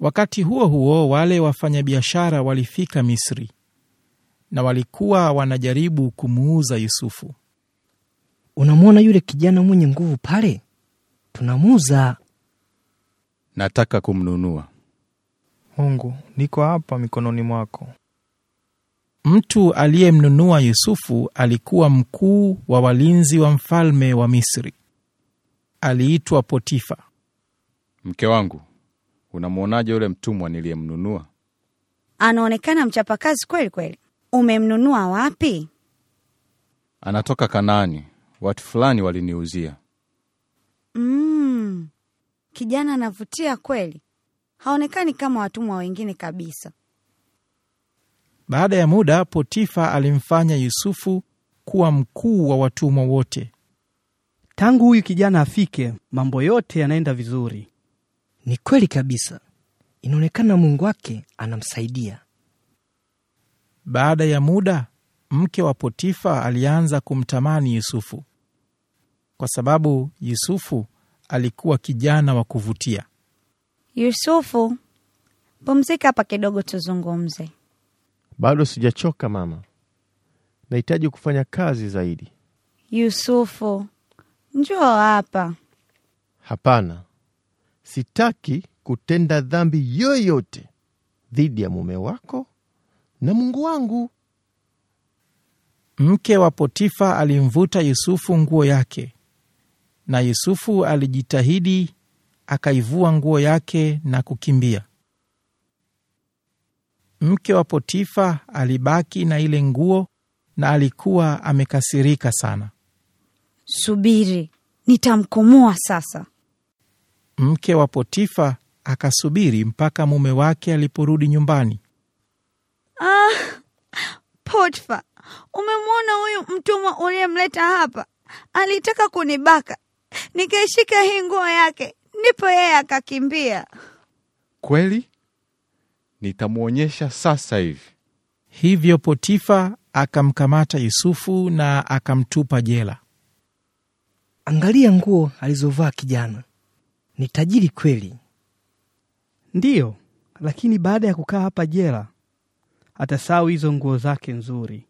Wakati huo huo, wale wafanyabiashara walifika Misri na walikuwa wanajaribu kumuuza Yusufu. Unamwona yule kijana mwenye nguvu pale, tunamuuza. Nataka kumnunua. Mungu, niko hapa mikononi mwako. Mtu aliyemnunua Yusufu alikuwa mkuu wa walinzi wa mfalme wa Misri, aliitwa Potifa. Mke wangu, Unamwonaje yule mtumwa niliyemnunua? Anaonekana mchapakazi kweli kweli. Umemnunua wapi? Anatoka Kanaani, watu fulani waliniuzia. Mm, kijana anavutia kweli, haonekani kama watumwa wengine kabisa. Baada ya muda, Potifa alimfanya Yusufu kuwa mkuu wa watumwa wote. Tangu huyu kijana afike, mambo yote yanaenda vizuri. Ni kweli kabisa, inaonekana Mungu wake anamsaidia. Baada ya muda, mke wa Potifa alianza kumtamani Yusufu kwa sababu Yusufu alikuwa kijana wa kuvutia. Yusufu, pumzika hapa kidogo tuzungumze. Bado sijachoka mama, nahitaji kufanya kazi zaidi. Yusufu, njoo hapa. Hapana, sitaki kutenda dhambi yoyote dhidi ya mume wako na Mungu wangu. Mke wa Potifa alimvuta Yusufu nguo yake, na Yusufu alijitahidi akaivua nguo yake na kukimbia. Mke wa Potifa alibaki na ile nguo na alikuwa amekasirika sana. Subiri, nitamkomoa sasa mke wa Potifa akasubiri mpaka mume wake aliporudi nyumbani. Ah, Potifa, umemwona huyu mtumwa uliyemleta hapa? Alitaka kunibaka, nikaishika hii nguo yake, ndipo yeye akakimbia. Kweli, nitamwonyesha sasa hivi. Hivyo Potifa akamkamata Yusufu na akamtupa jela. Angalia nguo alizovaa kijana, ni tajiri kweli? Ndiyo, lakini baada ya kukaa hapa jela atasahau hizo nguo zake nzuri.